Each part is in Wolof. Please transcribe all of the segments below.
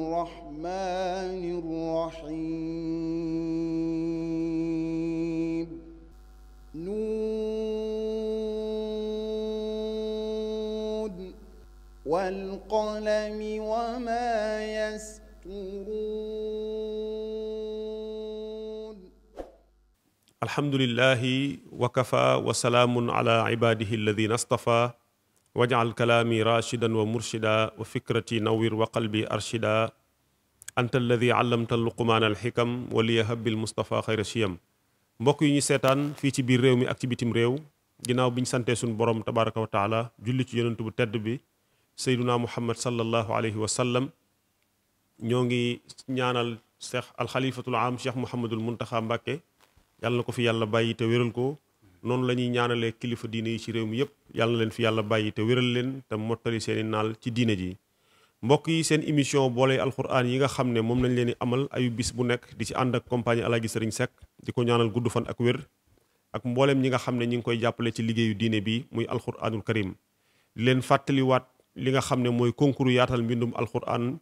الرحمن الرحيم نون والقلم وما يسطرون الحمد لله وكفى وسلام على عباده الذين اصطفى wajal kalaami rashidan wa murshida wa fikrati nawwir wa qalbi arshida anta alladi allamta luqmaan alxikam waliya habbil mustafa xayra siyam mbokk yi ñu seetaan fii ci biir réew mi ak ci bitim réew ginnaaw bi ñu santee suñu borom tabaraka wa taala julli ci yonent bu tedd bi sayduna muhammad sallallahu alayhi wa sallam ñoo ngi ñaanal cheikh alxalifatul am cheikh muhammadul muntaxa mbàkke yàlla na ko fi yàlla bàyyi te wéral ko noonu la ñuy ñaanalee kilifa diine yi ci réew mi yëpp yàlla leen fi yàlla bàyyi te wéral leen te mottali seen i naal ci diine ji mbokk yi seen émission boole alxuraan yi nga xam ne moom lañ leen di amal ayu bis bu nekk di ci ànd ak compagnie Alaaji Sëriñ Seck di ko ñaanal gudd fan ak wér ak mbooleem ñi nga xam ne ñi ngi koy jàppale ci liggéeyu diine bi muy alxuraanul karim di leen fàttaliwaat li nga xam ne mooy concours yaatal mbindum alxuraan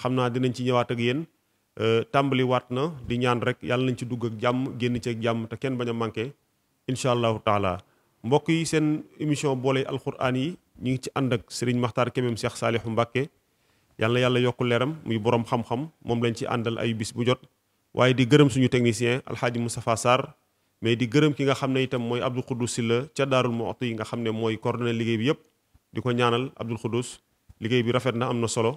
xam naa dinañ ci ñëwaat ak yéen euh, tàmbaliwaat na di ñaan rek yàlla nañ ci dugg jàmm génn ci ak te kenn bañ a manqué incha allahu taala mbokk yi seen émission booley alquran yi ñu ngi ci ànd ak sëriñ maxtaar kemem Cheikh Saalihu Mbàkke yàlla yàlla yokku leeram muy borom xam-xam moom lañ ci àndal ay bis bu jot waaye di gërëm suñu technicien alxaaji Moustapha Sarr mais di gërëm ki nga xam ne itam mooy Abdou Khoudous Silla ca Daarul yi nga xam ne mooy coordonné liggéey bi yëpp di ko ñaanal Abdou Khoudous liggéey bi rafet na am na solo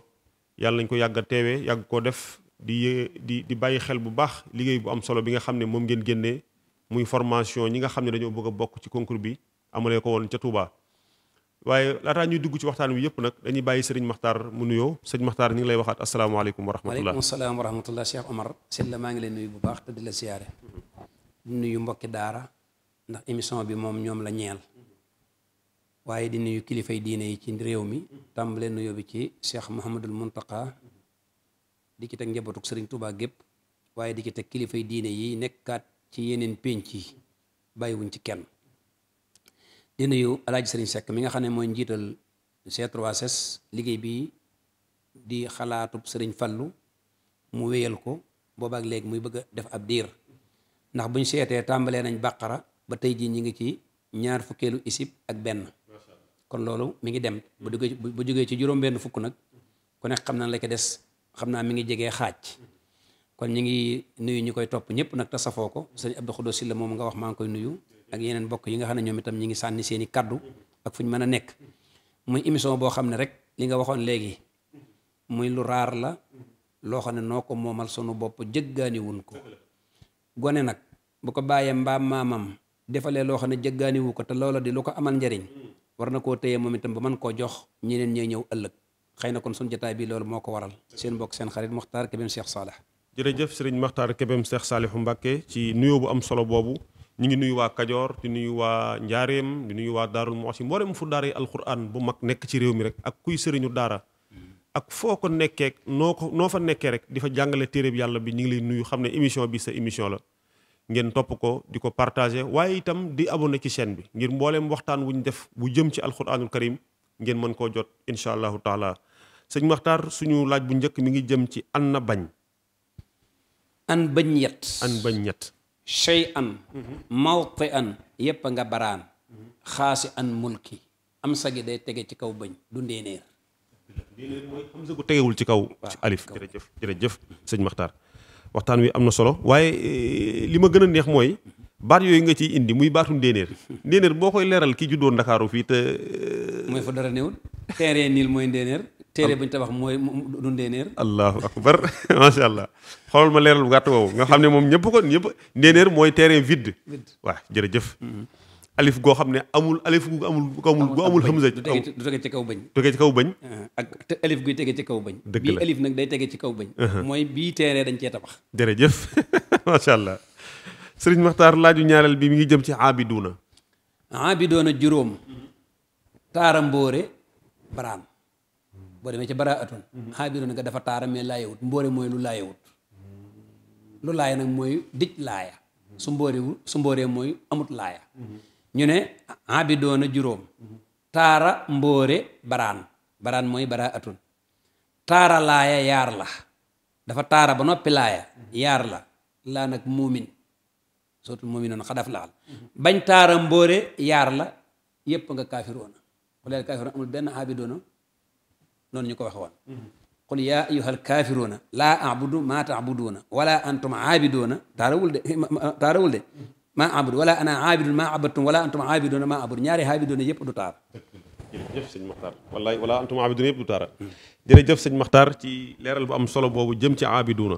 yàlla nañ ko yàgg a teewee yàgg koo def di di di bàyyi xel bu baax liggéey bu am solo bi nga xam ne moom ngeen génnee muy formation ñi nga xam ne dañoo bëgg a bokk ci concours bi amalee ko woon ca Touba. waaye laataa ñuy dugg ci waxtaan wi yëpp nag dañuy bàyyi sëriñ Maxtaar mu nuyoo sëriñ Maxtaar ni ngi lay waxaat asalaamaaleykum wa rahmatulah. waaleykum salaam wa rahmatulah Cheikh Omar. Sylla maa ngi lay nuyu bu baax te di la siyaare. di nuyu mbokki daara ndax émission bi moom ñoom la ñeel. waaye di nuyu kilifay diine yi ci réew mi leen nuyoo bi ci Cheikh Mouhamadul Muntaka di ci teg njabootuk Serigne Touba ci yeneen pénc yi bàyyiwuñ ci kenn di nuyu alaaji sëriñ Seck mi nga xam ne mooy njiital C3S liggéey bi di xalaatub sëriñ Fallu mu wéyal ko boobaak léegi muy bëgg a def ab diir ndax buñ seetee tàmbalee nañ bàqara ba tey jii ñi ngi ci ñaar fukkeelu isib ak benn kon loolu mu ngi dem bu jógee ci juróom-benn fukk nag ku nekk xam naa la des xam naa mi ngi jegee xaaj kon ñu ngi nuyu ñu koy topp ñëpp nag te safoo ko sëñ Abdou Khoudous Sylla moom nga wax maa ngi koy nuyu ak yeneen bokk yi nga xam ne ñoom itam ñu ngi sànni seen i ak fu ñu mën a nekk muy émission boo xam ne rek li nga waxoon léegi muy lu raar la loo xam ne noo ko moomal sunu bopp jëggaani wuñ ko gone nag bu ko bàyyee mbaam maamam defalee loo xam ne jëggaaniwu ko te loola di lu ko amal njariñ war na koo téye moom itam ba mën koo jox ñeneen ñooy ñëw ëllëg xay na kon sunu jotaay bi loolu moo ko waral seen mbokk seen xarit Mokhtar Kébem Cheikh Salah jërëjëf sëriñ Makhtar Kébem Cheikh Salihou Mbacké ci nuyoo bu am solo boobu ñu ngi nuyu waa Kajoor di nuyu waa Njaareem di nuyu waa Daarul Muxti mboolem fu daara yi alxuraan bu mag nekk ci réew mi rek ak kuy sëriñu daara ak foo ko nekkee noo ko noo fa nekkee rek di fa jàngale téereb yàlla bi ñu ngi lay nuyu xam ne émission bi sa émission la ngeen topp ko di ko partagé waaye itam di abonné ci chaîne bi ngir mbooleem waxtaan wu ñu def bu jëm ci alxuraanul karim ngeen mën koo jot incha allahu taala sëñ Makhtar suñu laaj bu njëkk mi ngi jëm ci an na bañ an bañ yet an bañ yet chey an mawti mhm. an yépp nga baraan xaasi an mulki am sa gi day ci kaw bañ du ndéenéer ndéenéer mooy tegewul ci kaw ci alif jërëjëf jërëjëf sëñ Maxtaar waxtaan wi am na solo waaye eh, li ma gën a neex mooy baat yooyu nga ciy indi muy baatu ndéenéer ndéenéer boo koy leeral ki juddoo ndakaaru fii te eh, mooy fa dara néewul terrain niil mooy ndéenéer téere bañ tabax mooy dundee néer allahu akbar macha allah xoolal ma leeral bu gàtt boobu nga xam ne moom ñëpp ko ñëpp ndéenéer mooy terrain vide waaw jërëjëf mm-hmm. alif goo xam ne amul alif gu amul gu amul gu amul hamza du tege ci kaw bañ tege ci kaw bañ uh-huh. ak alif guy tege ci kaw bañ dëgg la bii nag day tege ci kaw bañ uh-huh. mooy bii terrain dañ cee tabax jërëjëf macha allah sëriñ Maxtaar laaju ñaareel bi mi ngi jëm ci aabiduuna aabiduuna juróom taara mbóore baraan boo demee ci baraatun mhm. xaabiroon nga dafa taara mais laayewut mboore mooy lu laayewut mhm. lu laaya nag mooy dij laaya mhm. su mboorewu su mbooree mooy amut laaya ñu ne xaabidoona juróom taara mboore baraan baraan mooy baraatun taara laaya yaar la dafa taara ba noppi laaya yaar la laa nag muumin surtout muuminoon xadaf laal bañ taara mboore yaar la yépp nga kaafiroona wala kaafiroona amul benn xaabidoona noonu ñu ko wax woon qul yaa ayyuhal kaafiruuna laa abudu maa taabuduuna wala antum aabiduuna taarawul de taarawul de maa abudu wala ana aabidun maa abadtum wala antum aabiduuna maa abudu ñaari aabiduuna yëpp du taar jërëjëf sëñ Maxtaar wallaay wala antum aabiduuna yëpp du taara jërëjëf sëñ Maxtaar ci leeral bu am solo boobu jëm ci aabiduuna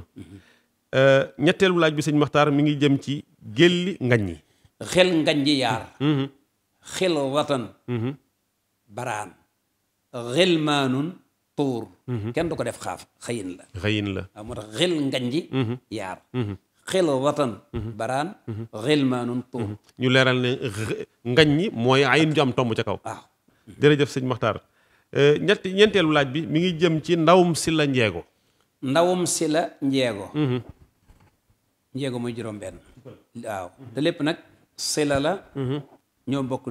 euh, ñetteelu laaj bi sëñ Maxtaar mi ngi jëm ci gélli ngañ yi xel ngañ yi yaar mhm. xel watan mhm. baraan xel maanun tuur mhm. kenn du ko def xaaf xëyin la xëyin la waaw moo tax xil nganji mhm. yaar mhm. xil watan baraan xil maanun tuur ñu leeral ne ngañ ñi mooy ayin ju am tomb ca kaw waaw jërëjëf sëñ Maxtaar euh, ñetti ñeenteelu laaj bi mi ngi jëm ci ndawum sila la njeego ndawum si la njeego njeego mooy juróom benn waaw te lépp nag sila la la ñoo bokk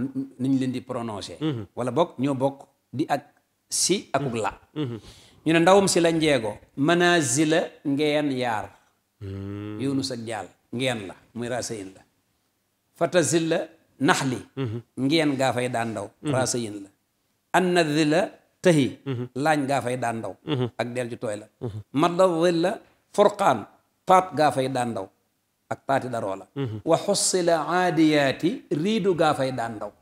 niñ leen di prononcé wala bokk ñoo bokk di ak si akuk mm-hmm. la mm-hmm. ñu ne ndawum si la njeego manazila ngeen yaar mm-hmm. yunus ak jaal ngeen la muy rasayin la fatazilla naxli ngeen gaa fay daan ndaw rasayin la annazila tahi laañ gaa fay daan ndaw ak del ju tooy la madazilla furqaan taat gaa daan ndaw ak taati daroo la wa xussila aadiyaati riidu gaa daan ndaw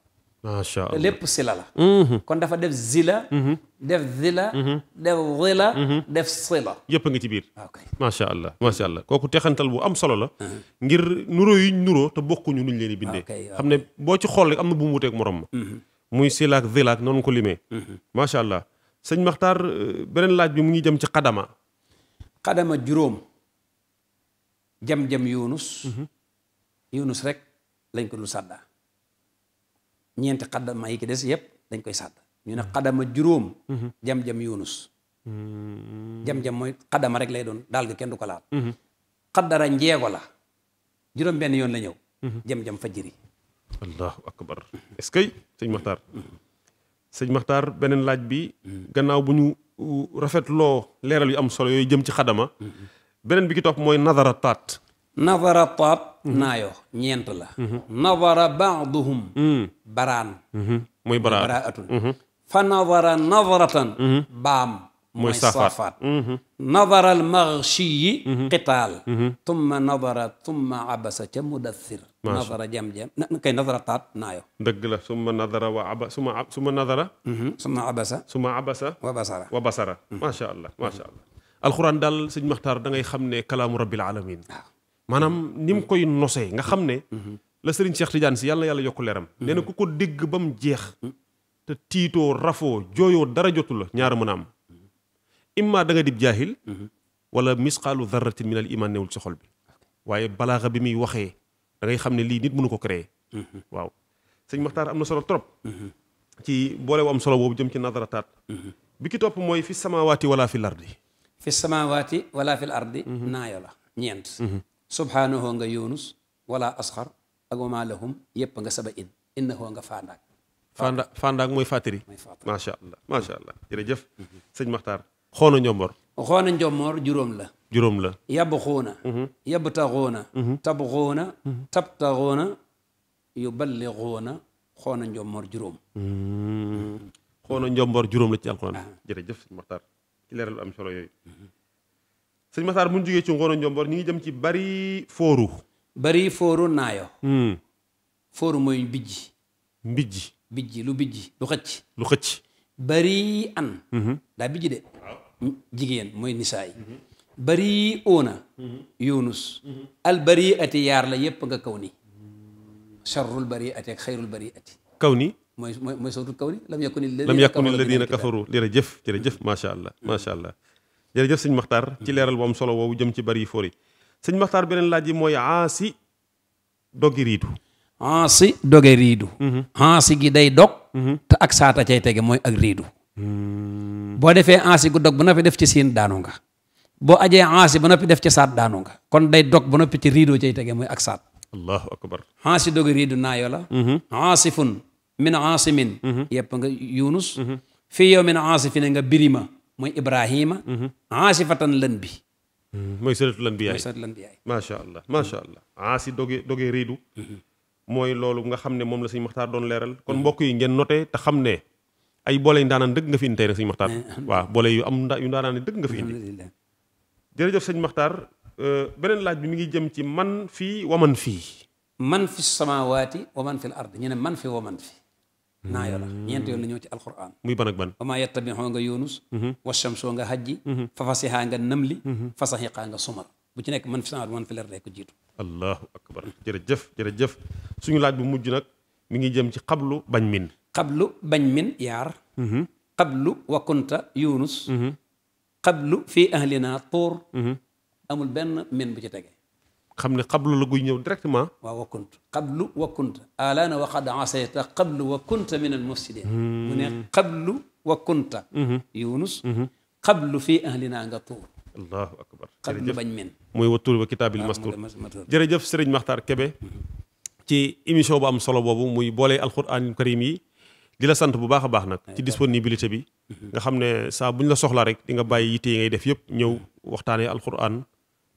lépp sila la. Mhm. kon dafa def zila. Mhm. def zila. Mhm. def zila. def sila. yëpp a ngi ci biir. ok macha allah macha allah kooku texantal bu am solo la. ngir nuroo yi nuroo te bokkuñu nuñ leen di bindee. xam ne boo ci xool rek am na bu mu morom ma. muy silaak zilaak noonu ko limee. macha allah sëñ Maxtaar euh, beneen laaj bi mu ngi jëm ci xadama. xadama juróom. jam jam yunus yunus rek lañ ko dul sàddaa. ñeenti xaddama yi ki des yëpp dañ koy sàdd ñu ne hmm. xadama juróom hmm. jam-jam yunus hmm. jam-jam mooy xadama rek lay doon daal ga kenn du ko laal xaddara njeego la juróom benn yoon la ñëw jam-jam fa jëri ce que sëñ maxtaar sëñ maxtaar beneen laaj bi gannaaw bu ñu rafetloo leeral yu am solo yooyu jëm ci xaddama beneen bi ki topp mooy nazara taat nazara taat Mm-hmm. naayoo ñeent la mm-hmm. nadara baaduhum mm-hmm. baraan muy baraaatun fa nadara nadratan baam mooy saafaat nadara almaghshiyi qitaal tumma nadara tumma abasa ca mudathir nadara jam-jam kay nadara taat naayo dëgg la summa nadara wa aba suma suma nadara summa abasa suma abasa wa basara wa basara macha allah macha allah alquran daal sëñ maxtaar da ngay xam ne kalaamu rabbil alamin waaw maanaam ni mu koy nosee nga xam ne la Serigne Cheikh Tidiane si yàlla yàlla yokku leeram nee na ku ko dégg ba mu jeex te tiitoo rafoo jooyoo dara jotu la ñaara mën a am imma da nga dib jaahil wala misqaalu darratin min al iman newul ci xol bi waaye balaaxa bi muy waxee da ngay xam ne lii nit mënu ko créer waaw sëñ Maxtaar am na solo trop ci boole wu am solo boobu jëm ci nadarataat bi ki topp mooy fi samawaati wala fi lardi fi samawaati wala fi lardi naayo ñeent subhaanahu nga yunus wala asxar ak wama lahum yëpp nga saba in innahu nga faandaak faanda mooy fàttari macha allah macha allah mm-hmm. jërëjëf mm-hmm. sëñ maxtaar xoona njomboor xoona njomboor juróom la juróom la yab xuuna mm-hmm. yab taxuuna tab xuuna tab taxuuna yu juróom xoona ah. am solo yooyu sëñ Masaar mu ñu jógee ci Ngoro Njomboor ñu ngi jëm ci bari fooru bari fooru naayo hmm. fooru mooy bijji mbijji bijji lu bijji lu xëcc lu xëcc bari an hmm. daa bijji de jigéen mooy nisaa yi hmm. bari oona yunus al bari ati yaar la yépp nga kaw ni charrul bari ati ak xayrul bari ati kaw ni mooy mooy mooy sootul kaw ni lam yakuni lam yakuni alladina kafaru jërëjëf jërëjëf macha allah macha allah jërëjëf sëñ Maxtaar ci leeral bu am solo woowu jëm ci bari fori sëñ Maxtaar beneen laaj yi mooy aasi dogi riidu aasi doge riidu mhm. aasi gi day dog mhm. te ak saata cay tege mooy ak riidu hmm. boo defee aasi gu dog bu noppi def ci siin daanu nga boo ajee aasi ba noppi def ci saat daanu kon day dog ba noppi ci riido cey tege mooy ak saat allahu akbar aasi doge riidu naayo la mhm. aasifun min aasimin yepp nga yunus fii yow min aasifine nga birima mooy Ibrahima. Mhm. aasifatan lën bi. Mhm. mooy sëratu lën bi yaay mooy sëratu lën bi yaay. macha allah macha mhm. allah aasi doge doge riidu. mooy loolu nga xam ne moom la suñu maxtaar doon leeral. kon mbokk yi ngeen noté te xam ne ay boole yu ndaanaan dëgg nga fi indi tey rek suñu eh, waaw boole yu am yu ndaanaan dëgg fi indi. jërëjëf sëñ maxtaar euh, beneen laaj bi mi ngi jëm ci man fii waman fii. man fi samaawaati waman fi l ard ñu ne man fi waman fi naaya la mm. ñeent yoon la ñëw ci alquran muy ban ak ban wa maa yattabixoo nga yoonus mm-hmm. wa shamsoo nga hajji mm-hmm. fa fasixaa nga namli mm-hmm. fa saxiqaa nga sumar bu ci nekk man fi sanaat man fi leer day ko jiitu allahu akbar jërëjëf jërëjëf suñu laaj bu mujj nag mi ngi jëm ci xablu bañ min xablu bañ min yaar xablu wa kunta yoonus xablu fii ahlina tuur amul benn min bu ci tege xam ne xablu la guy ñëw directement waaw wa kunt xablu wa kunt alaana waxad asayta xablu wa kunta min al mufsidin hmm. mu ne xablu wa kunta hmm. yunus hmm. xablu fii ahlina nga tuur allahu akbar bañ men mooy wa tuur wa kitaabil mastuur jërëjëf sëriñ maxtaar kebe ci émission bu am solo boobu muy boolee alxuraanul karim yi di la sant bu baax a baax nag ci disponibilité bi nga xam ne saa buñ la soxla rek di nga bàyyi yitte ngay def yëpp ñëw waxtaanee alxuraan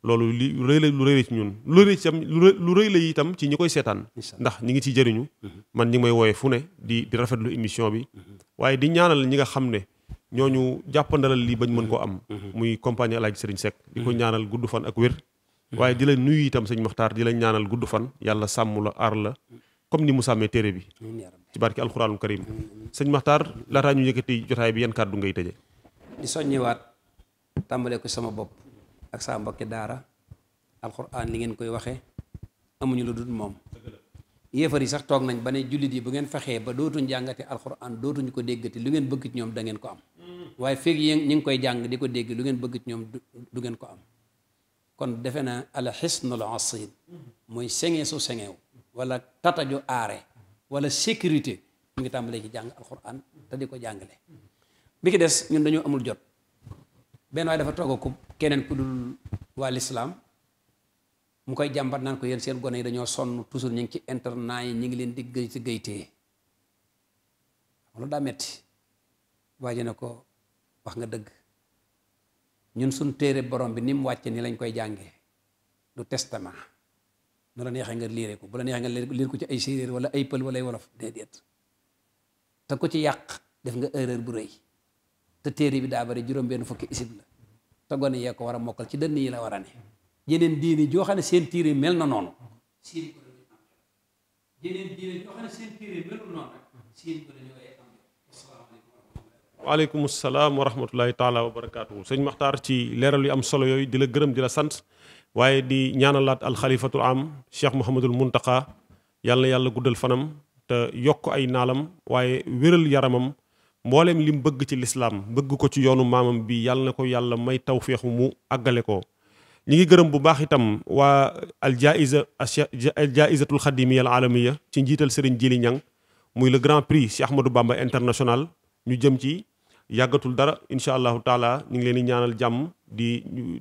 loolu li rëy la lu rëy ci ñun lu rëy ci lu rëy la itam ci ñi koy seetaan ndax ñi ngi ci jëriñu mhm. man ñi may wooye fu ne di rafetlu émission bi mhm. waaye di ñaanal ñi nga xam ne ñoo ñu jàppandalal lii bañ mën koo am mhm. muy compagnie Alaaji Sëriñ Seck di ko ñaanal gudd fan ak wér waaye di la nuyu itam sëñ Maxtaar di la ñaanal gudd fan yàlla sàmm la aar la comme ni mu sàmmee téere bi ci barki alxuraanul karim sëñ Maxtaar laataa ñu yëkkati jotaay bi yan kàddu ngay tëje di soññiwaat tàmbale ko sama bopp ak saa mbokki daara alxuraan li ngeen koy waxee amuñu lu dul moom yéefar yi sax toog nañ ba ne jullit yi bu ngeen fexee ba dootuñ jàngati alxuraan dootuñ ko déggati lu ngeen bëgg ci ñoom ko am waaye feeg yi ñi ngi koy jàng di ko dégg du ngeen ko am kon defe na al xisnul asid mooy senge su sengew wala tataju aare wala sécurité mu ngi tàmbalee ci jàng alxuraan te di ko jàngale bi ki des ñun dañoo amul jot benn waaye dafa toog ku keneen ku dul waa lislaam mu koy jàmbat naan ko yéen seen gone yi dañoo sonn toujours ñu ngi ci internat yi ñu ngi leen di gëyte gëytee loolu daa metti waaji na ko wax nga dëgg ñun suñ téere borom bi ni mu wàcce ni lañ koy jànge du testament nu la neexee nga liire ko bu la neexee nga liir ko ci ay séeréer wala ay pël wala ay wolof déedéet te ko ci yàq def nga erreur bu rëy te téere bi daa bari juróom-benn fukki isib la te gone yee ko war a mokkal ci dënn yi la war a ne yeneen joo xam ne seen téere mel na noonu seen ko yeneen diini sëñ Maxtaar ci leeral yu am solo yooyu di la gërëm di la sant waaye di ñaanalaat alxalifatul am Cheikh Mouhamadul Muntaqa yàlla yàlla guddal fanam te yokk ay naalam waaye wéral yaramam li mu bëgg ci lislaam bëgg ko ci yoonu maamam bi yàlla na ko yàlla may tawféexu mu àggale ko ñi ngi gërëm bu baax itam waa aljaiza aljaizatul xadimiya al alamiya ci njiital sëriñ Jili Ñang muy le grand prix Cheikh Ahmadou Bamba international ñu jëm ci yàggatul dara incha allahu taala ñu ngi leen di ñaanal jàmm di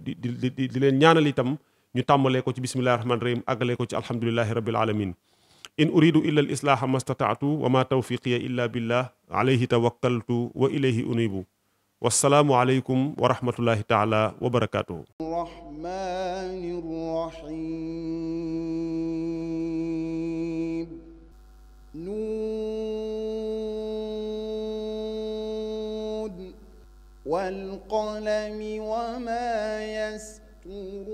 di di di leen ñaanal itam ñu tàmbalee ko ci bismillahi rahmaani rahim àggalee ko ci alhamdulilahi rabbil alamin in uridu illa al islaaha mastataatu wa ma tawfiqiya illa billah alayhi tawakkaltu wa ilayhi unibu wassalaamu aleykum wa rahmatullahi taala wa barakaatuhu rahmaani rahiim nuun wal qalami wa ma yasturuun